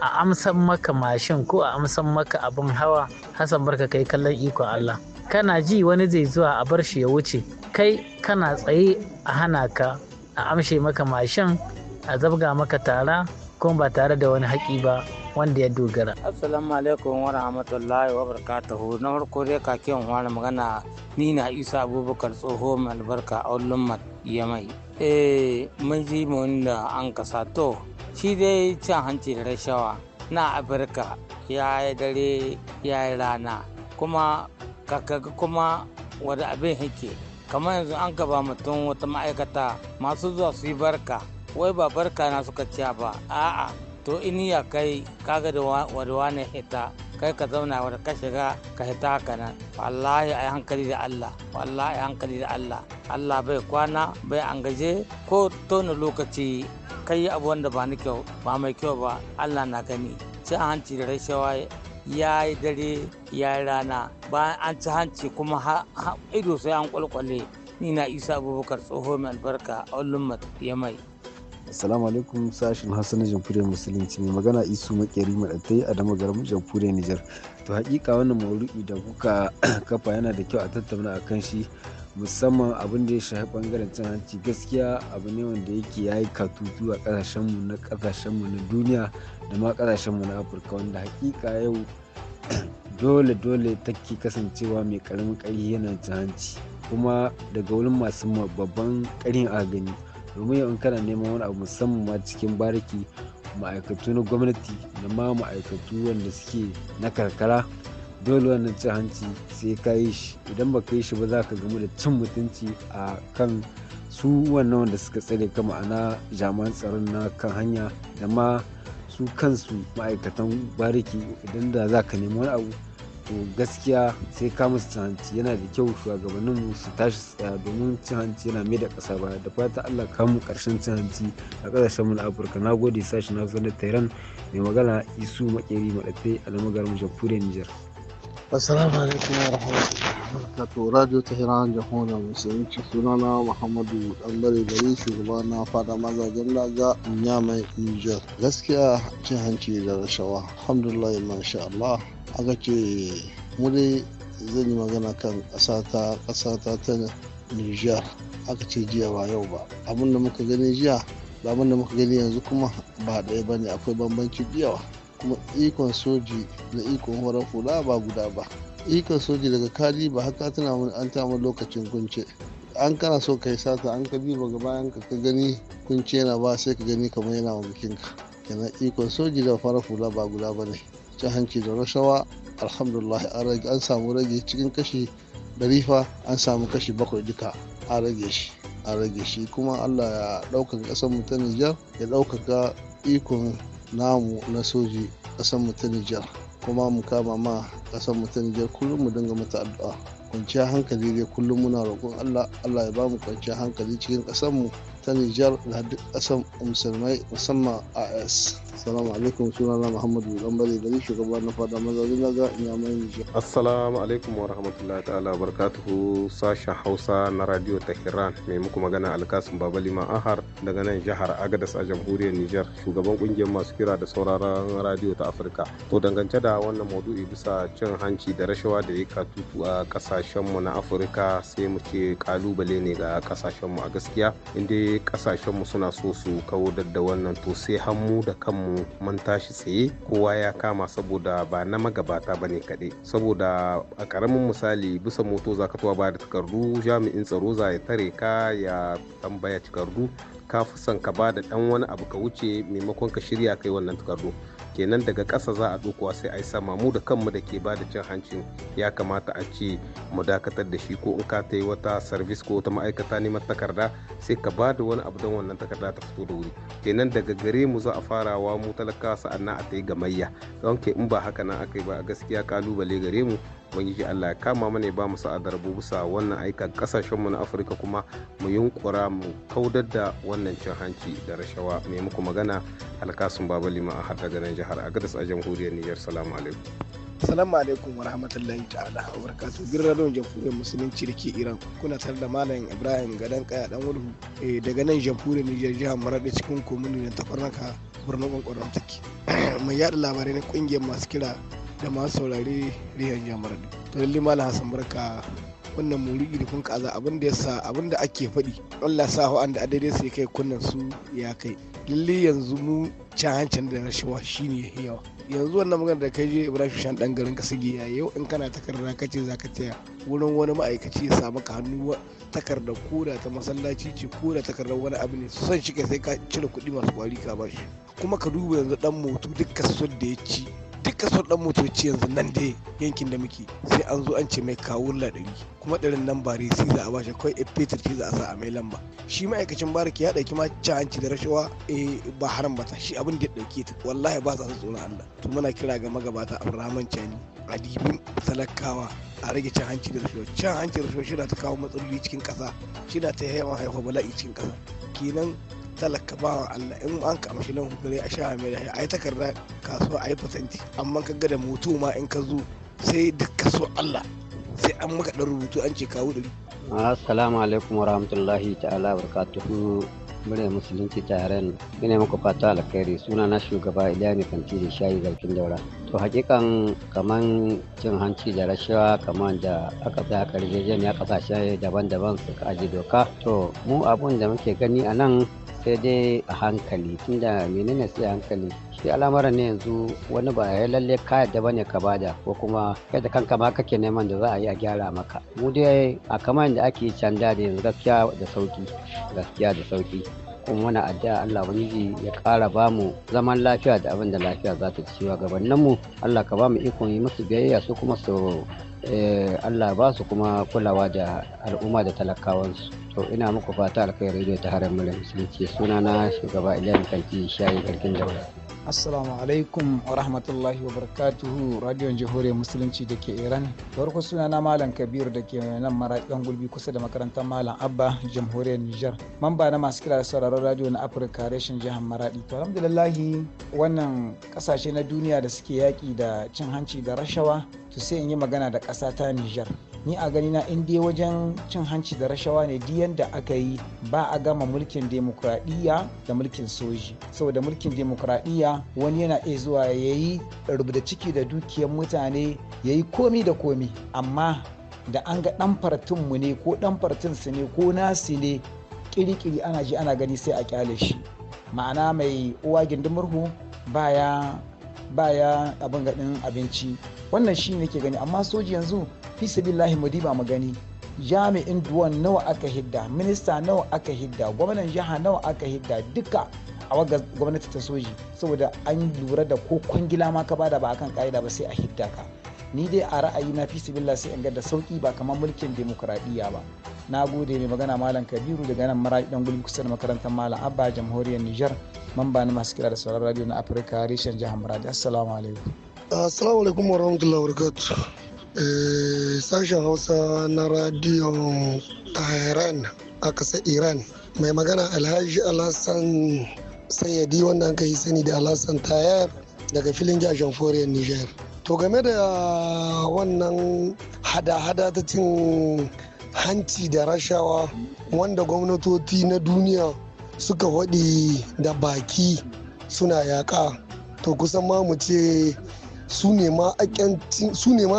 a amsan maka mashin ko a amsan maka abin hawa Hassan barka kai kallon ikon Allah kana ji wani zai zuwa a bar shi ya wuce kai kana tsaye a hana ka a amshe maka mashin a zabga maka tara kuma ba tare da wani haƙi ba wanda ya dogara. Assalamu alaikum wa rahmatullahi wa barakatuhu. Na farko dai wa wani magana ni na Isa Abubakar tsoho mai albarka a Ulummat Yamai. Eh mun ji mu wanda an kasa to shi dai cin hanci da rashawa na Afirka ya yi dare ya yi rana kuma kakaga kuma abin yake kamar yanzu an ba mutum wata ma'aikata masu zuwa su yi barka wai ba barka na suka ciya ba a'a to in ya kai kaga da wadawa ne hita kai ka zauna wadda ka shiga ka hita haka nan wallahi ai hankali da Allah wallahi hankali da Allah Allah bai kwana bai an angaje ko tona lokaci kai yi abu wanda ba ni kyau ba mai kyau ba Allah na gani ci hanci da rashawa ya yi dare ya yi rana bayan an ci hanci kuma ido sai an kwalkwale ni na isa abubakar tsoho mai albarka a ya mai Assalamu alaikum sashen Hassan na Musulunci mai magana Isu Makeri Madatai a dama garin Jamhuriyar Nijar. To hakika wannan maudu'i da kuka kafa yana da kyau a tattauna a kan shi musamman abin da ya shafi bangaren cin hanci gaskiya abu ne wanda yake ya yi katutu a mu na mu na duniya da ma kasashen mu na Afirka wanda hakika yau dole dole take kasancewa mai karamin ƙarfi yana cin hanci kuma daga wurin masu babban ƙarin a gani. domin yau in kana neman wani abu musamman ma cikin bariki ma'aikatu na gwamnati da ma ma'aikatu wanda suke na karkara dole wannan cin hanci sai ka yi shi idan ba ka yi shi ba za ka gamu da cin mutunci a kan su wannan wanda suka tsare ka ma'ana jami'an tsaron na kan hanya da ma su kansu ma'aikatan bariki idan da za ka nemi wani abu to gaskiya sai ka musu cin hanci yana da kyau mu su tashi tsaya domin cin hanci yana mai da ƙasa ba da fata allah kamu ƙarshen cin hanci a ƙasashen na afirka na gode sashi na na tehran mai magana isu makeri maɗafe a lamagarin jamhuriyar nijar. assalamu alaikum wa rahmatullahi radio ta hiran jamhuriyar musulunci sunana muhammadu dambare gari shugaba na fada mazajen daga mai nijar gaskiya cin hanci da rashawa alhamdulillah masha allah aka ce wani zan yi magana kan ƙasata ta ta nijar aka ce jiya ba yau ba abin da muka gani jiya ba abin da muka gani yanzu kuma ba ɗaya ba ne akwai bambanci yawa kuma ikon soji da ikon horar hula ba guda ba ikon soji daga kali ba haka tana an tamu lokacin kunce an kana so ka yi sata an ka biba ga bayan ka ka gani kunce yana ba sai ka gani kamar yana wa bikinka kenan ikon soji da fara hula ba guda ba ne cin hanci da rashawa alhamdulillah an samu rage cikin kashi darifa an samu kashi bakwai duka an rage shi an rage shi kuma allah ya daukan kasan mu ta nijar ya ɗaukaka ikon namu na soji kasan mu ta nijar kuma mu kama ma kasan mu ta nijar kullum mu dinga mata addu'a kwanciyar hankali dai kullum muna roƙon allah allah ya bamu mu kwanciyar hankali cikin kasan mu ta Nijar da duk ƙasar musulmai musamman AS. Assalamu alaikum sunana Muhammadu Lambari da ni shugaba na fada mazauni na ga Inyamai Nijar. Assalamu alaikum wa rahmatullahi ta'ala wa barakatuhu sashen Hausa na Radio Tehran mai muku magana Alkasim Babalima Ahar daga nan jihar Agadas a jamhuriyar Nijar shugaban kungiyar masu kira da sauraron radio ta Afirka. To dangance da wannan maudu'i bisa cin hanci da rashawa da ya katutu a kasashenmu na Afirka sai mu ce kalubale ne ga kasashenmu a gaskiya inda kasashenmu suna so su kawo da wannan to sai hannu da kanmu mun tashi tsaye kowa ya kama saboda ba na magabata ba ne kaɗai saboda a karamin misali bisa moto za ka ba da takardu jami'in tsaro za ya tare ka ya tambaya takardu ka fi son ka ba da ɗan wani abu ka wuce maimakon ka shirya kai wannan takardu kenan daga ƙasa za a dokowa sai a yi sama mu da kanmu da ke bada cin hancin ya kamata a ce mu dakatar da shi ko in ka ta yi wata sarvis ko wata ma'aikata neman takarda sai ka ba da wani abu don wannan takarda ta fito da wuri kenan daga gare mu za a fara wa mu talaka sa'annan a ta yi gamayya don ke in ba haka nan aka yi ba gaskiya kalubale gare mu ubangiji Allah ya kama mana ba mu sa'adar bubusa wannan aika kasashen mu na Afirka kuma mu yunkura mu kaudar da wannan cin hanci da rashawa mai muku magana alkasun baba lima a hada garin jihar Agadez a jamhuriyar Niger salamu alaikum Salamu alaikum wa rahmatullahi ta'ala wa barakatu birnin radon jamhuriyar musulunci da ke Iran kuna tare da malam Ibrahim Gadan Kaya dan wudu eh, daga nan jamhuriyar Niger jihar Maraɗi cikin komuni da tafarnaka birnin kwankwaron take mai yada labarai na kungiyar masu kira da masu saurare rihan yamar to lalle malam hassan barka wannan muri da kun kaza abin da yasa abin da ake faɗi Allah sa ho da adade sai kai kunnan su ya kai lalle yanzu mu can da rashawa shine yawa yanzu wannan magana da kai je Ibrahim Shan dan garin Kasige ya yau in kana takarda kace zaka taya wurin wani ma'aikaci ya samu ka hannu takarda koda ta masallaci ce koda takarda wani abu ne son shi kai sai ka cire kuɗi masu kwari ka bashi kuma ka duba yanzu dan motu duk kasuwar da ya ci duka sun dan motoci yanzu nan dai yankin da muke sai an zo an ce mai kawo ladari kuma ɗarin nan ba resi za a bashi kawai fetur ce za a sa a mai lamba shi ma'aikacin barki ya ɗauki ma hanci da rashawa eh, ba haram ba ta shi abin da ya ɗauke ta wallahi ba sa su tsoron Allah to muna kira ga magabata Abraham Cani adibin talakawa a rage cin hanci da rashawa cin hanci da rashawa shi ta kawo matsaloli cikin ƙasa shi ta yawan haifa bala'i cikin ƙasa kenan talaka wa Allah in an ka nan hukuri a sha mai lafiya ai takarda kasuwa ai fasanti amma ka ga da mutu ma in ka zo sai duk kaso Allah sai an maka dan rubutu an ce kawo dari assalamu alaikum warahmatullahi ta'ala barakatuhu murya musulunci taron ina muku fata alkhairi suna na shugaba iliyani kanti da shayi zarkin daura to hakikan kaman cin hanci da rashawa kaman da aka fi aka ya kasashe daban-daban suka aji doka to mu abun da muke gani anan. sai dai a hankali tunda menene sai hankali shi al'amuran ne yanzu wani ba ya lalle ka yadda bane ka bada ko kuma kai da kanka ma kake neman da za a yi a gyara maka mu dai a kamar da ake canza da yanzu gaskiya da sauki gaskiya da sauki kuma muna addu'a Allah ubangiji ya ƙara ba mu zaman lafiya da abin da lafiya za ta ci wa mu Allah ka ba mu ikon yi musu biyayya su kuma su Eh, Allah ba su kuma kulawa da al'umma da talakawansu to ina muku fata alkhairi ne ta harin mulin musulunci suna na shugaba Iliyan Kanti shayi garkin daura Assalamu alaikum wa rahmatullahi wa barakatuhu radiyon jihore musulunci da ke Iran. Farko suna na Malam Kabiru da ke nan maraƙin gulbi kusa da makarantar Malam Abba jamhuriyar Nijar. Mamba na masu kira da sauraron radiyo na Afirka reshen jihar Maraɗi. To alhamdulillahi wannan kasashe na duniya da suke yaƙi da cin hanci da rashawa to sai in yi magana da ƙasa ta Nijar. Ni a gani na in dai wajen cin hanci da rashawa ne duk yanda aka yi ba a gama mulkin demokuraɗiyya da mulkin soji. Saboda mulkin demokuraɗiyya wani yana iya zuwa ya yi rubuta ciki da dukiyar mutane ya yi komi da komi amma da an ga ɗan mu ne ko ɗan su ne ko nasi ne kiri ana ji ana gani sai a kyale shi ma'ana mai uwa gindin murhu baya baya abin gaɗin abinci wannan shi ne ke gani amma soji yanzu fi sabillahi mu diba mu gani jami'in duwan nawa aka hidda minista nawa aka hidda gwamnan jiha nawa aka hidda duka a waga gwamnati ta soji saboda an lura da ko kwangila ma ka bada ba akan ka'ida ba sai a hidda ka ni dai a ra'ayi na fi sibilla sai in ga da sauki ba kamar mulkin demokuraɗiyya ba na gode mai magana malam kabiru daga nan maraɗi dan gulbi kusa da makarantar malam abba jamhuriyar nijar mamba na masu kira da sauran radio na afirka reshen jihar maraɗi assalamu alaikum assalamu alaikum wa wabarakatuh eh, sashen hausa na radiyon tehran a ƙasar iran mai magana alhaji alhassan sayyadi wanda an kai sani da alhassan tayar daga filin jashen foriyar niger to game da wannan hada-hada ta cin hanci da rashawa wanda gwamnatoci na duniya suka waɗi da baki suna yaƙa to kusan ma mu ce su ne ma da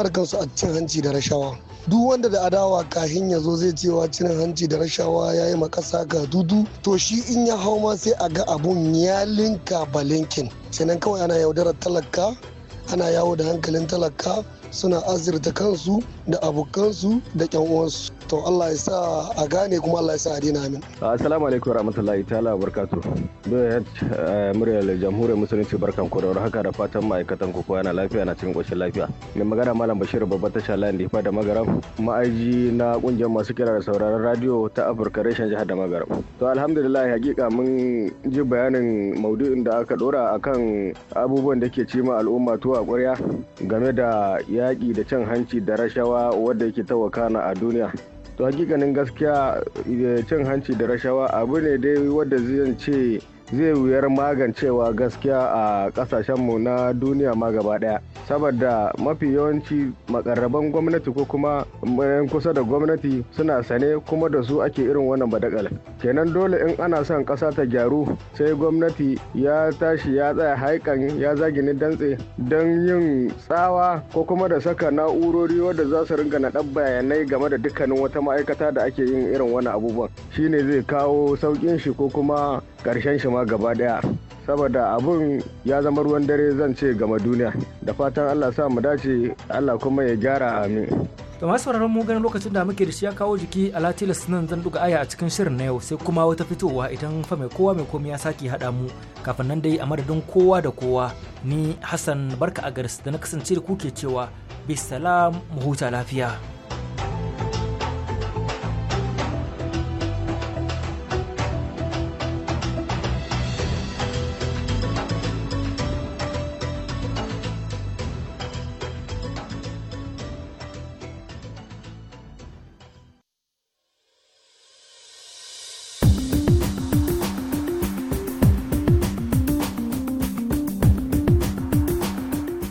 kansu a cin hanci da rashawa duk wanda da adawa kahin ya zo zai cewa cin hanci da rashawa ya yi makasa ga dudu to shi in ya hau ma sai a ga abun ya linka balinkin sannan kawai ana yaudarar talaka ana yawo da hankalin talaka suna azurta kansu da abokansu da uwansu. to Allah ya sa a gane kuma Allah ya sa a dina min assalamu alaikum warahmatullahi ta'ala barkatu bayat eh, muryar jamhuriyar musulunci barkan ku da haka da fatan ma'aikatan ku kowa na lafiya na cikin koshin lafiya mai magana malam bashir babban tasha layin fa da magaram ma'aji na kungiyar masu kira da sauraron radio ta afirka reshen jihar da magaram to alhamdulillah hakika mun ji bayanin maudu'in da aka dora akan abubuwan da ke cima al'umma a kwarya game da yaƙi da cin hanci da rashawa wadda yake tawakana a duniya to hakikanin gaskiya eh, cin hanci da rashawa abu ne dai wadda zai ce zai wuyar magancewa gaskiya a kasashenmu na duniya ma gaba daya saboda mafi yawanci makarraban gwamnati ko kuma bayan kusa da gwamnati suna sane kuma da su ake irin wannan badakal kenan dole in ana son kasa ta gyaru sai gwamnati ya tashi ya tsaya haikan ya zagini dantse don yin tsawa ko kuma da saka na'urori wadda za su ringa na bayanai game da dukkanin wata ma'aikata da ake yin irin wani abubuwan shine zai kawo saukin shi ko kuma ƙarshen shi ma gaba daya saboda abun ya zama ruwan dare zan ce gama duniya da fatan allah sa mu dace allah kuma ya gyara amin to masu sauraron mu ganin lokacin da muke da shi ya kawo jiki a latilas nan zan duga aya a cikin shirin na yau sai kuma wata fitowa idan fa mai kowa mai komai ya sake hada mu kafin nan dai a madadin kowa da kowa ni hassan barka a garis da na kasance da kuke cewa bisalam mu huta lafiya.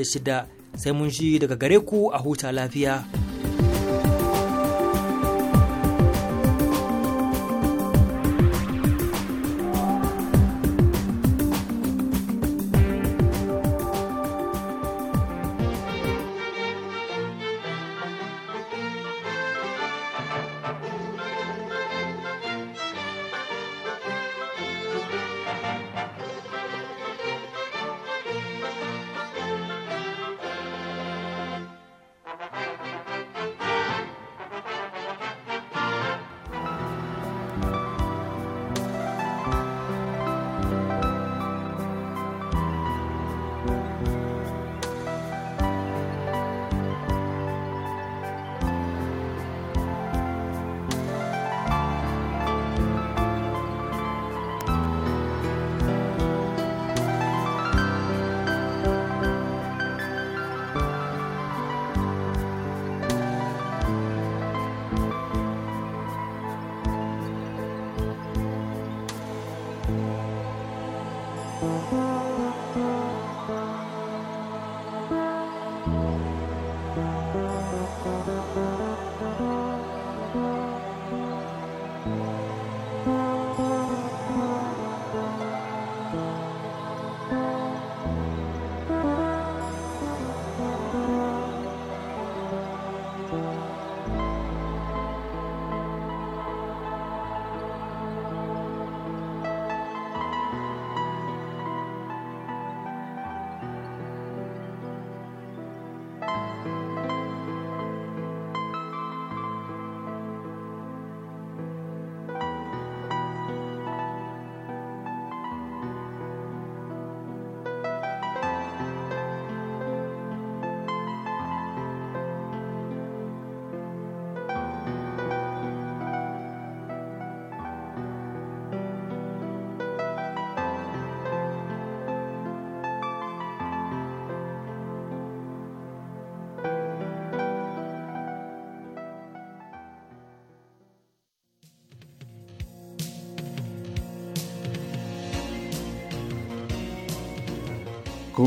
shida sai mun ji daga gare ku a huta lafiya.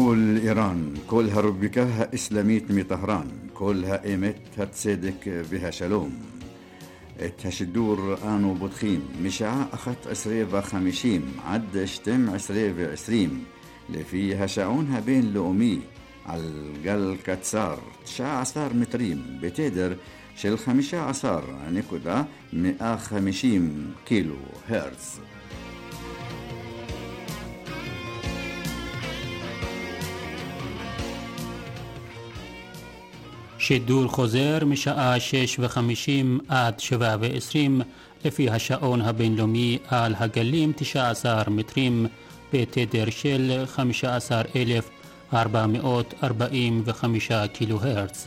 كل إيران كلها ربكها إسلاميت مي طهران كلها إيمت هتصدق بها شلوم الدور آنو بدخيم مشاع أخت عسرية وخمشيم عد شتم عسرية وعسريم لفي هشعونها بين لومي على الجل كتسار تشاع عصار متريم بتدر של 15 مئة خمشيم كيلو هرتز שידור חוזר משעה שש וחמישים עד שבע ועשרים לפי השעון הבינלאומי על הגלים 19 מטרים בתדר של 15,445 קילו הרץ.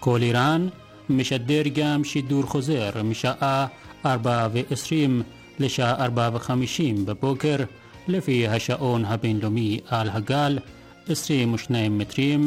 כל איראן משדר גם שידור חוזר משעה ארבע ועשרים לשעה ארבע וחמישים בבוקר לפי השעון הבינלאומי על הגל 22 מטרים